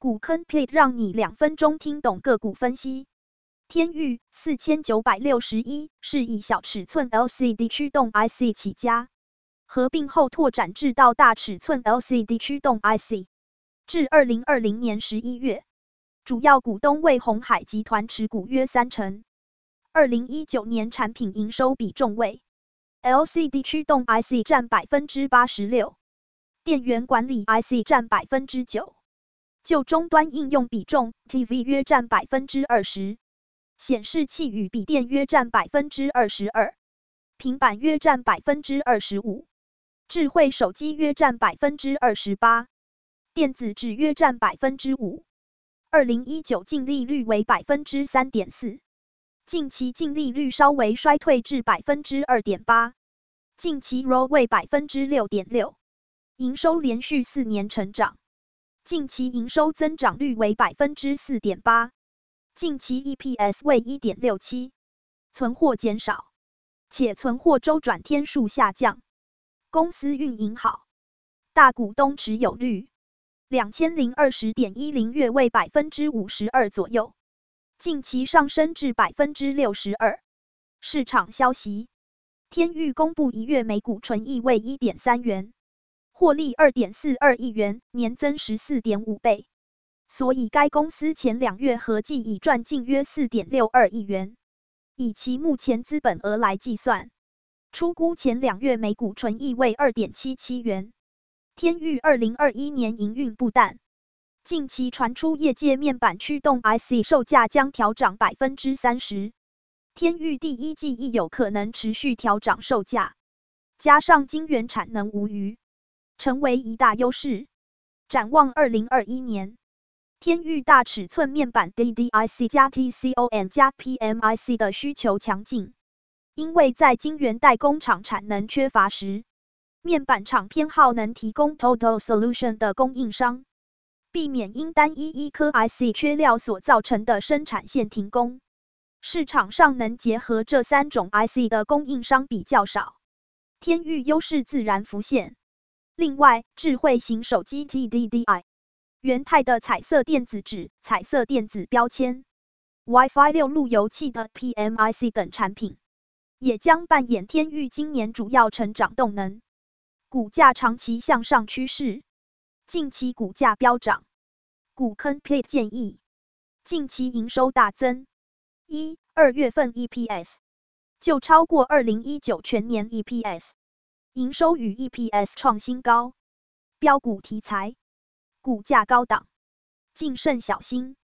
股坑 please 讓你兩分鐘聽懂個股分析。天鈺四千九百六十一是以小尺寸 LCD 驅動 IC 起家，合併後拓展至到大尺寸 LCD 驅動 IC。至二零二零年十一月，主要股東為鴻海集團，持股約三成。二零一九年產品營收比重為 LCD 驅動 IC 占百分之八十六，電源管理 IC 占百分之九。就終端應用比重，TV 約占百分之二十，顯示器與筆電約占百分之二十二，平板約占百分之二十五，智慧手機約占百分之二十八，電子紙約占百分之五。二零一九淨利率為百分之三點四，近期淨利率稍微衰退至百分之二點八，近期 ROE 為百分之六點六，營收連續四年成長。近期營收增長率為百分之四點八，近期 EPS 為一點六七，存貨減少，且存貨周轉天數下降，公司運營好。大股東持有率兩千零二十點一零月為百分之五十二左右，近期上升至百分之六十二。市場消息，天鈺公布一月每股純益為一點三元。獲利二點四二億元，年增十四點五倍。所以該公司前兩月合計已賺近約四點六二億元。以其目前資本額來計算，初估前兩月每股純益為二點七七元。天鈺二零二一年營運不淡，近期傳出業界面板驅動 IC 售價將調漲百分之三十，天鈺第一季亦有可能持續調漲售價，加上晶圓產能無虞。成為一大優勢。展望二零二一年，天鈺大尺寸面板 （DDIC） 加 TCON 加 PMIC 的需求強勁，因為在晶圓代工廠產能缺乏時，面板廠偏好能提供 Total Solution 的供應商，避免因單一一顆 IC 缺料所造成的生產線停工。市場上能結合這三種 IC 的供應商比較少，天鈺優勢自然浮現。另外，智慧型手機 TDDI、元太的彩色電子紙、彩色電子標籤、WiFi 六路由器的 PMIC 等產品，也將扮演天鈺今年主要成長動能。股價長期向上趨勢，近期股價飆漲。股坑 plate 建議，近期營收大增，一二月份 EPS 就超過二零一九全年 EPS。營收與 EPS 創新高，飆股題材，股價高檔，謹慎小心。